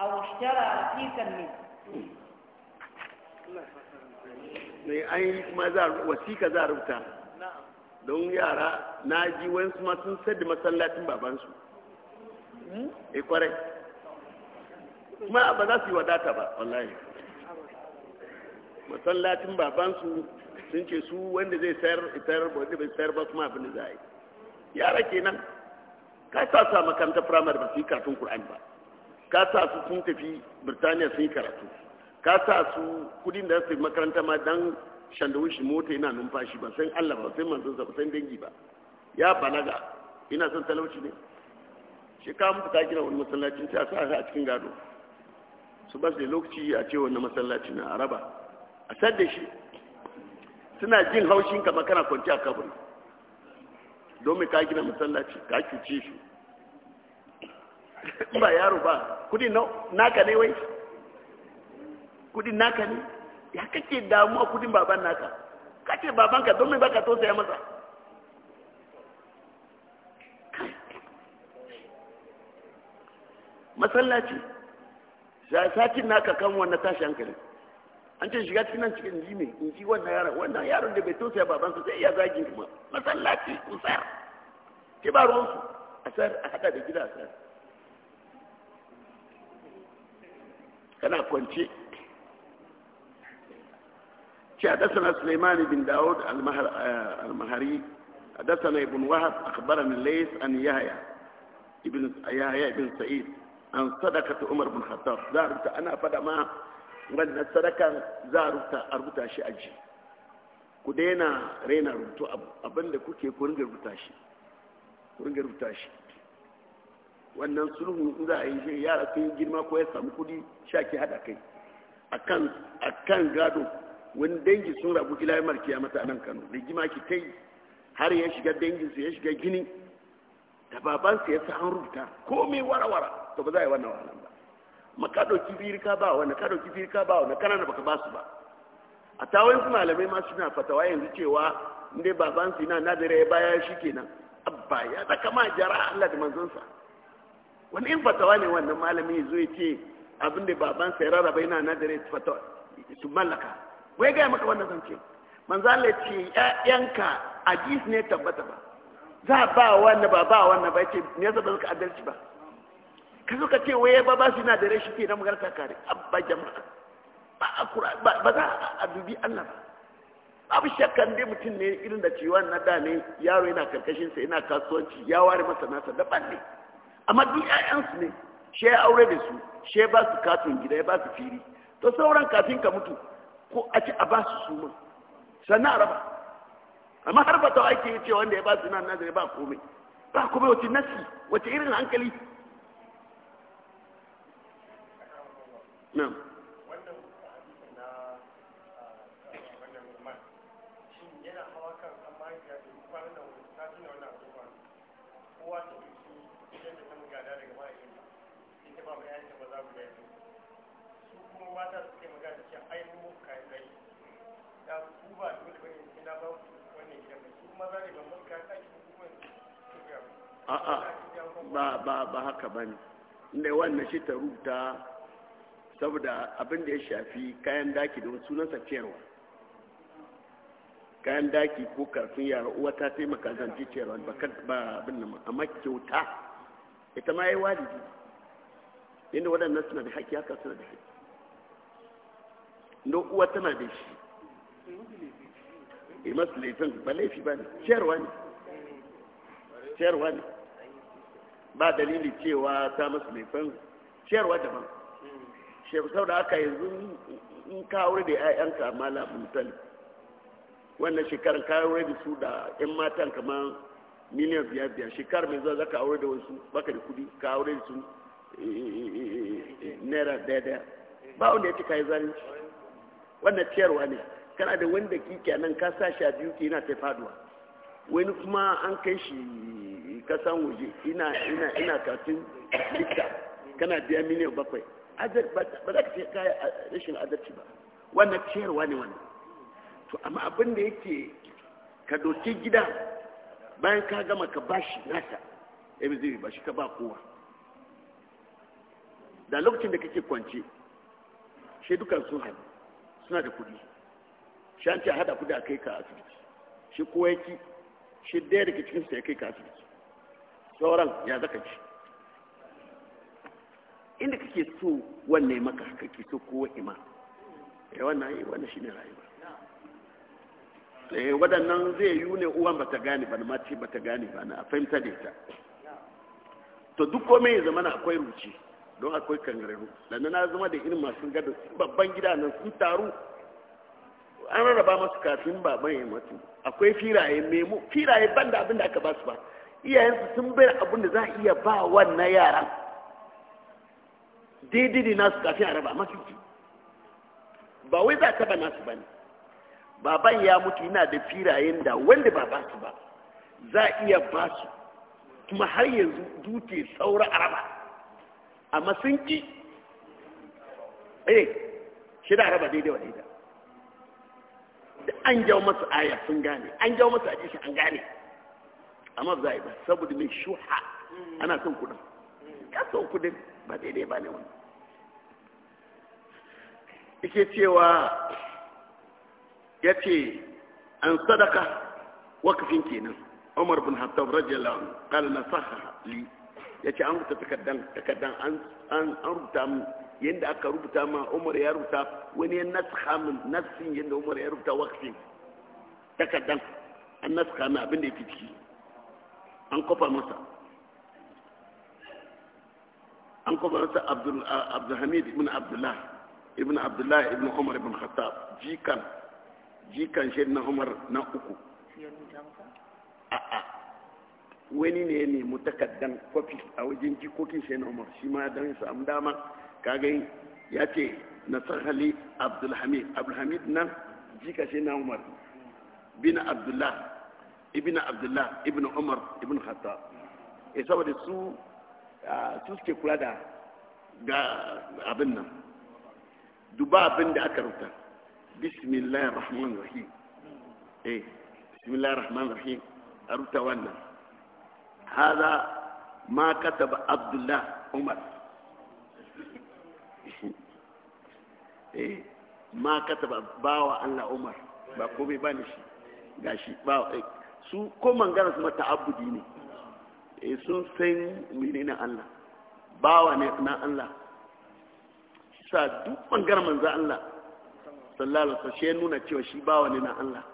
أو اشترى رقيقا منه mai an yi kuma wasika za a rubuta don yara na ji wani kuma sun sayar masallacin babansu e kwarai kuma ba za su yi wadata ba wallahi masallacin babansu sun ce su wanda zai sayar itar bai sayar ba kuma abin da za a yi yara kenan ka sa sa makaranta firamare ba su yi karatun qur'ani ba ka sa su sun tafi birtaniya sun yi karatu ka sa su kudin da su makaranta ma dan shandawun shi mota yana numfashi ba san allah ba sai manzon ba san dangi ba ya balaga ina son talauci ne shi ka mutu ta gina wani masallacin sai a sa a cikin gado su ba su da lokaci a ce wani masallaci na araba a sadda shi suna jin haushin kama kana kwanci a kaburi domin ka gina masallaci ka cuce shi ba yaro ba kudi naka ne wai kudi naka ne ya kake damuwa kudin baban naka kake babanka don mai to sai masa masallaci satin naka kan wannan tashi hankali an ce shiga cikin nan cikin ji ne in ji wannan yaron wannan yaron da bai tosaya babansa sai iya zagi kuma masallaci kusa kibarunsu a haɗa da gida kana bin eh, al-mahari hadasana ibn lays an sa'id an sadaqata umar ana fada ma wanda sadakan zarta shi aji ku daina raina rubutu abinda kuke kun rubuta shi ringa rubuta shi wannan sulhu in za a yi shi yara sun yi girma ko ya samu kudi shaki haɗa kai a kan gado wani dangi sun rabu ila marki ya mata nan kano da gima ki kai har ya shiga dangin su ya shiga gini da su ya sa an rubuta komai wara-wara to ba za a yi wannan wahalan ba ma ka ɗauki biri ba wanda ka ɗauki biri ba wanda kana baka ba su ba a tawayin su malamai ma suna fatawa yanzu cewa inda su yana nadira ya baya shi kenan abba ya zaka ma jara Allah da manzonsa wani in fatawa ne wannan malami zo ya ce abin da baban sa ya rarraba yana na dare fatawa su mallaka wai ga maka wannan zance manzo Allah ce ƴaƴanka ajis ne tabbata ba za ba wannan ba ba wannan ba ce ne zaba zaka adalci ba ka zo ka ce waye ba ba su na dare shi ke na magana kare abba jama'a ba a ba za a dubi Allah ba abu shakkan dai mutum ne irin da ciwon na da ne yaro yana karkashin sa yana kasuwanci ya ware masa nasa daban ne amma duk ƴaƴansu ne she aure da su she ba su katon gida ya ba su fili to sauran kafin ka mutu ko a ci a ba su su sannan a raba amma har ba ta ake yi cewa wanda ya ba su nan nazari ba komai ba komai wace nasi wace irin hankali na'am mata su ke magana cikin ai mu kayan ɗaki da ku ba dole bane sai na ba wannan gidan mai su maza ne ba mu kayan ɗaki ba kuma su a'a ba ba ba haka bane inda wannan shi ta rubuta saboda abin da ya shafi kayan daki da wasu nasa ciyarwa kayan daki ko karfin yara uwa ta taimaka zance ciyarwa ba abin nan amma kyauta ita ma ya yi wajibi inda waɗannan suna da haƙƙi haka suna da haƙƙi no uwa tana da shi e masu laifin ba laifi ba ne ciyarwa ne ciyarwa ne ba dalili cewa ta masu laifin ciyarwa daban shefu sau da aka yanzu in kawo da 'ya'yanka mala mutane wannan shekarar kawo da su da 'yan matan kamar miliyan biyar biyar shekarar mai zuwa za ka aure da wasu baka da kudi ka aure da su eh, eh, eh, naira daya daya ba wanda ya ci kayi zalunci wannan ciyarwa ne kana da wanda kike nan ka sa shi a biyu ke yana ta faduwa wani kuma an kai shi kasan waje ina ina ina katin kana biya miliyan bakwai ba za ka ce kaya rashin adalci ba wannan ciyarwa ne wannan to amma abin da yake ka doki gida bayan ka gama ka bashi nasa ya eh, bi zai bashi ka ba kowa da lokacin da kake kwance shi dukan sun hannu suna da kudi shi an ce hada kudi a kai ka asibiti shi kowa yake shi ɗaya daga cikin su ya kai ka asibiti sauran ya zaka ci inda kake so wanne maka kake so kowa ima ya eh, wannan yi eh, wannan ne rayuwa eh waɗannan zai yi ne uwan bata gane ba na mace bata gane ba na fahimta da ita to duk komai ya zama akwai ruci don akwai kangararru lannan na zama da irin masu gada su babban gida nan sun taru an rarraba masu kafin baban ya mutu akwai firaye memo firaye ban da abin da aka ba su ba iyayensu sun bai abin da za a iya ba wannan yara daidai ne nasu kafin a raba masu ba wai za a taba nasu ba ne baban ya mutu yana da firayen da wanda ba ba su ba za a iya ba su kuma har yanzu dutse saura a amma sun ki eh shi da raba daidai wa daidai da an jawo masa aya sun gane an jawo masa shi an gane amma za a yi ba saboda mai shuha ana son kudin ka son kudin ba daidai ba ne wani ike cewa ya ce an sadaka wakafin kenan umar bin hattab radiyallahu anhu qala nasaha li ya ce an rubuta takardan an rubuta min yadda aka rubuta ma umar ya rubuta wani ya naska min nassin yadda umar ya rubuta waksin takardan an naska min abin da ya fi ciki an kofa masa an kofa masa abdulhamid ibn abdullah ibn abdullah ibn umar ibn khattab jikan jikan shi na umar na uku wani ne ya nemi takaddan kwafi a wajen jikokin shi na umar shi ma don samu dama kaga ya ce na sahali abdulhamid abdulhamid na jika shi na umar bin abdullah ibn abdullah ibn umar ibn hatta e eh, saboda su ah, su suke kula da ga abin nan duba abin da aka rubuta bismillahir rahmanir rahim eh bismillahir rahmanir rahim a rubuta wannan هذا ما كتب عبد الله عمر ma kataba bawa Allah Umar ba komai ba ne shi gashi bawa su ko mangana su mata abudi ne sun san menene Allah bawa ne na Allah sa duk mangana manzo Allah sallallahu alaihi wasallam shi nuna cewa shi bawa ne na Allah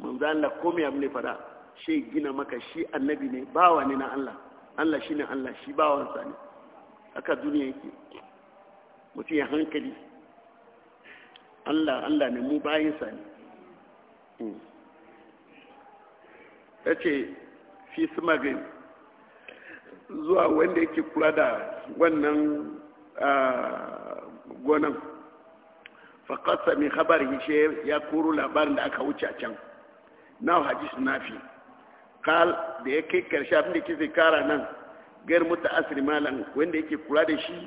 manzo Allah komai abin ne fada shi gina maka shi annabi ne bawa ne na Allah Allah shi ne Allah shi bawansa ne aka duniya yake mutum ya hankali Allah Allah ne mu bayinsa ne ta hmm. ce fi smagin zuwa wanda yake kula da wannan ah, gonan faƙasa mai habari shi ya koro labarin da aka wuce a can na hajji su nafi kal da ya kai karshe abin da zai kara nan gar mutu asiri malam wanda yake kula da shi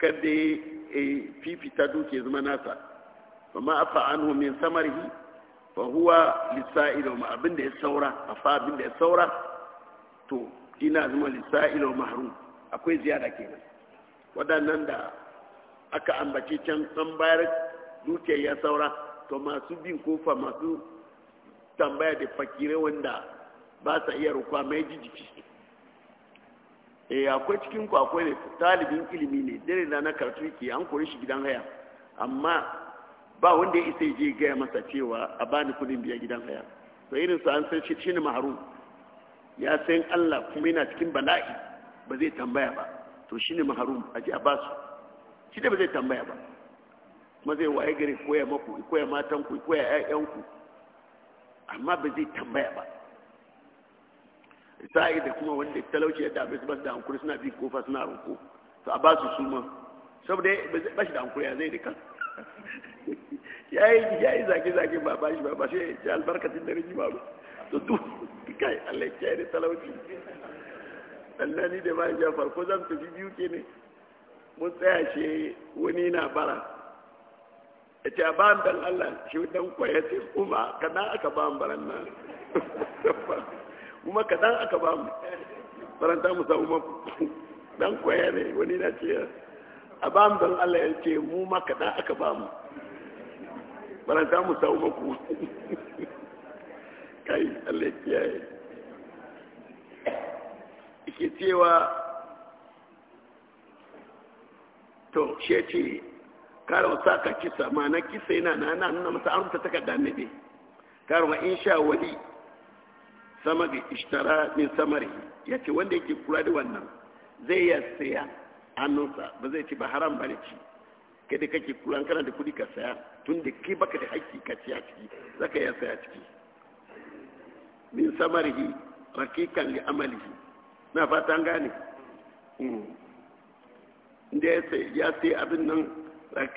kada ya fifita duke zama nasa ma a fa’an anhu samar yi fa huwa ilo wa abin da ya saura fa abin da ya saura to ina zama ilo wa mahrum akwai ziyara kenan waɗannan da aka ambace can an bayar dukiyar ya saura to masu bin kofa masu tambaya da fakirai wanda ba sa iya rukwa mai ji jiki e akwai cikin ku akwai ne talibin ilimi ne dare na na karatu yake an kore shi gidan haya amma ba wanda ya isa je gaya masa cewa a bani kudin biya gidan haya to irin su an san shi ne maharum ya san Allah kuma yana cikin bala'i ba zai tambaya ba to shi ne maharum a ji a ba su shi ne ba zai tambaya ba kuma zai waye gari koya maku koya matanku koya 'ya'yanku amma ba zai tambaya ba sa'i da kuma wanda talauci ya abin su ba su da hankuri suna bi kofa suna rinko to a ba su su ma saboda ba shi da hankuri ya zai da kan ya yi ya yi zaki zaki ba ba shi ba ba shi ya ci albarkacin da rigi ba to duk kai Allah ya da talauci Allah ni da ba ya farko zan tafi biyu ke ne mun tsaya shi wani na bara ya ce a an dan Allah shi dan kwaya ce kuma kana aka ban baran nan kuma kaɗan aka ba mu faranta mu samu ma dan kwaya ne wani na ce a ba mu don Allah ya ce mu ma kaɗan aka ba mu faranta mu samu ma ku kai Allah ya kiyaye ke cewa to shi ce kare sa ka kisa ma na kisa yana na nuna na masa an rubuta takarda ne karon in sha wali sama ga ishtara min samari ya ce wanda yake kula da wannan zai ya saya hannunsa ba zai ci ba haram ba ne ci kai da kake kula kana da kudi ka saya tun da kai baka da haƙƙi ka ci a ciki za ka iya saya ciki min samarihi rakikan li amalihi na fatan gane mm. inda ya sai abin nan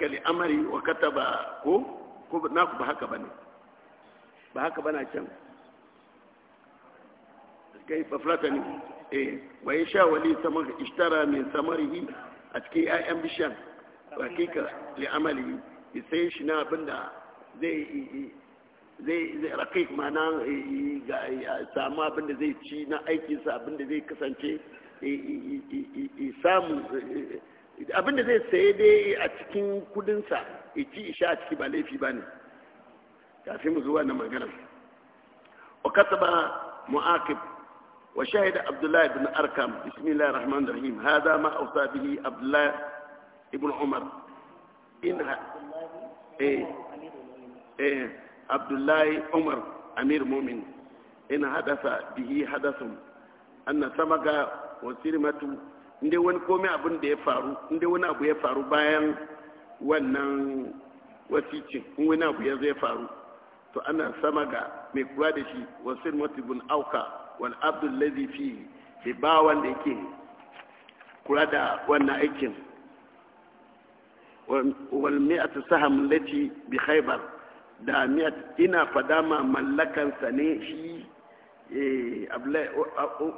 li amari wa kataba ko na ku ba haka ba ba haka ba na can kai ne eh waye sha wali samar ishtara min samarihi a cikin ayyan bishan hakika amali sai shi na abinda zai zai rakai mana ga samu abinda zai ci na aikinsa abinda zai kasance samu abinda zai saye dai a cikin kudinsa ci isha a ciki ba laifi ba ne kafin mu zuwa na magana o kasa mu'aqib وشهد عبد الله بن أركم بسم الله الرحمن الرحيم هذا ما أوصى به عبد الله بن عمر إنها إيه إيه عبد الله عمر أمير مؤمن إن حدث به حدث أن سمك وسلمة inda wani komai abin da ya faru inda wani abu ya faru bayan wannan wasicin in wani abu ya zai faru to ana sama ga mai kula da shi wasu mutu bin auka wal abdu alladhi fi da ba wanda yake kula da wannan aikin wal mi'atu saham lati bi khaybar da mi'at ina fadama ma mallakan sa ne shi eh,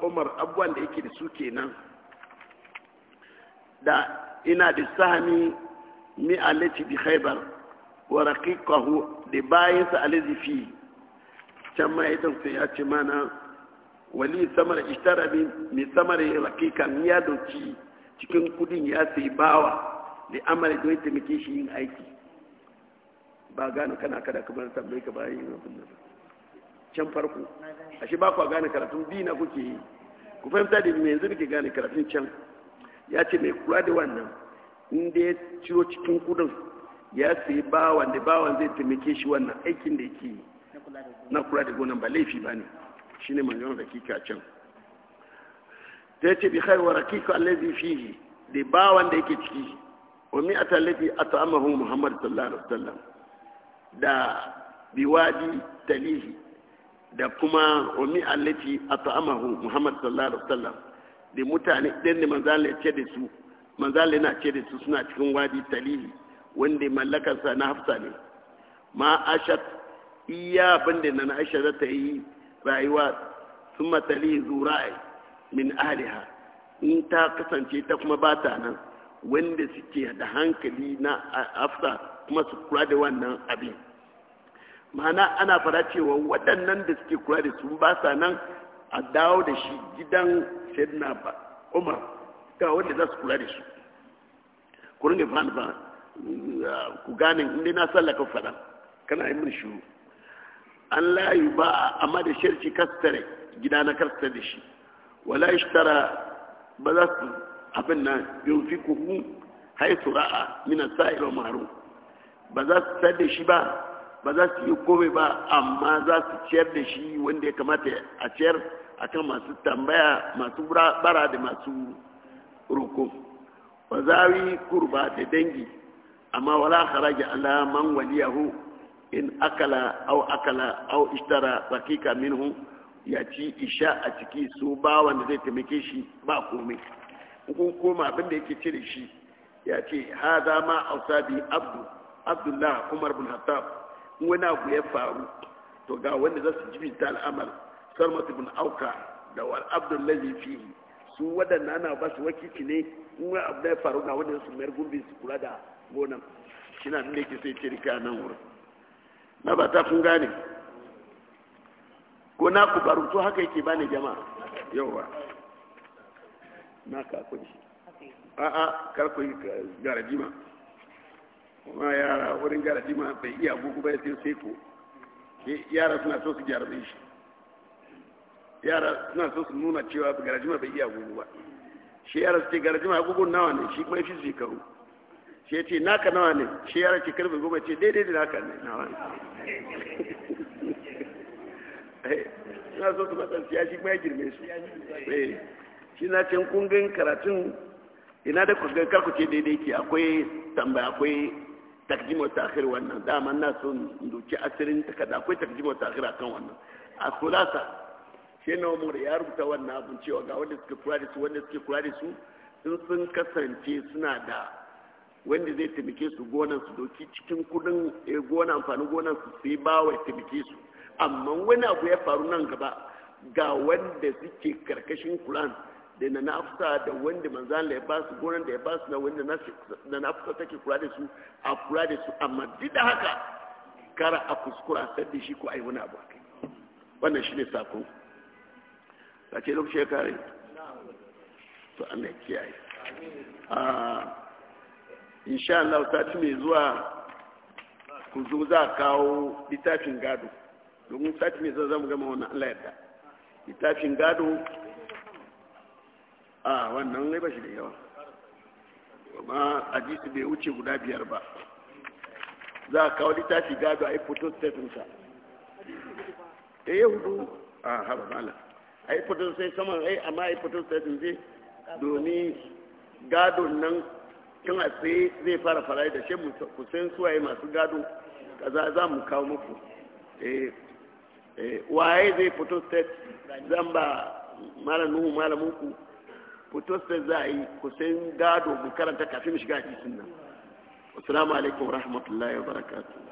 umar abuwan da yake da su kenan da ina da sahami mi'a lati bi khaybar wa raqiqahu da bayansa alazi fi can ma ya ce mana wali samar ishtara bi mai samar rakika ya dauki cikin kudin ya sai bawa da amara don ya taimake shi yin aiki ba gano kana kada kamar tambayi ka bayan yin abin nan can farko a shi ba ku gane karatun bi na kuke yi ku fahimta da mai yanzu muke gane karatun can ya ce mai kula da wannan inda ya ciro cikin kudin ya sai bawa da bawan zai taimake shi wannan aikin da yake yi na kula da gonan ba laifi ba ne ne manzon rakika can ta ce bi khaiwa rakika allazi fihi da bawan da yake ciki wa mi atalafi at'amahu muhammad sallallahu alaihi wasallam da biwadi talihi da kuma wa mi allati at'amahu muhammad sallallahu alaihi wasallam da mutane ɗin da manzala ce da su manzala na ce da su suna cikin wadi talihi wanda mallakarsa na hafsa ne ma ashat iya abin da na aisha za ta yi rayuwa sun matali zurai min ahliha in ta kasance ta kuma ba ta nan wanda suke da hankali na afsa kuma su kura da wannan abin ma'ana ana fara cewa waɗannan da suke kura da su ba sa nan a dawo da shi gidan sayyidina ba umar ga wanda za su kura da shi kurin ringa fa ku gane inda na sallaka fada kana yi min shuru. an layi ba amma da shirki kastare gida na kastare da shi wala ishtara ba za su abin nan yin fi kuhu haitu ra'a mina sa'ira maru ba za su sa da shi ba ba za su yi kome ba amma za su ciyar da shi wanda ya kamata a ciyar a kan masu tambaya masu bara da masu roko ba za yi kurba da dangi amma wala haraji ala man waliyahu in akala au akala au ishtara rakika minhu ya ci isha a ciki su ba wanda zai taimake shi ba komai hukun koma abinda yake cire shi ya ce za ma ausabi abdu abdullah umar bin hattab wani abu ya faru to ga wanda za su ta al'amar Salma bin auka da wal abdullahi fi su waɗanda ana ba su wakici ne wani abu ya faru ga wanda su mayar su kula da gonan shi na da yake sai cire ka wurin na ba ta kun gane ko na ku barutu haka yake bani jama'a yauwa na ka kunshi a'a kar ku yi garajima kuma yara wurin garajima bai iya gugu bai sai sai ko yara suna so su jarabe shi yara suna so su nuna cewa garajima bai iya gugu ba shi yara su ce garajima gugu nawa ne shi kuma shi karu shi ya ce naka nawa ne shi yara ce karfe goma ce daidai da naka ne nawa ne suna eh, zo su matsan siya shi kuma ya girme su eh, shi na can kungin karatun ina da kungin karku ce daidai ke akwai tambaya akwai takjimo akhir wannan dama na so duki asirin kada akwai takjimo akhir akan wannan a kulasa shi na umar ya rubuta wannan abin cewa ga wanda suke kula da su wanda suke kula da su sun sun kasance suna da wanda zai taimake su gonan su doki cikin kudin eh, gona amfani gonan su sai ba wa taimake su amma wani abu ya faru nan gaba ga wanda suke karkashin kuran da na nafsa da wanda manzan ya ba su gonan da ya ba su na wanda na nafsa take kula da su a kula da su amma duk da haka kara a kuskura sai da shi ko ai wani abu akai wannan shine sako ka ce lokaci ya kare to Allah ya kiyaye ah, insha Allah sati mai zuwa ku zo za kawo littafin gado domin sati mai zuwa zamu gama wannan Allah yarda littafin gado a wannan ne ba shi da yawa amma hadisi bai wuce guda biyar ba za a kawo littafi gado a yi photo statinsa da eh, ya hudu a haɓa mala a yi photo sai saman rai amma a yi photo statin zai domin gado nan in a tsaye zai fara farai da shan kusan suwaye masu gado kaza za mu kawo muku eh, eh, waye zai fito state zan ba malamin malamin ku fito state za a yi kusan gado mu karanta kafin shiga cikin nan assalamu alaikum rahmatullahi wa barakatuh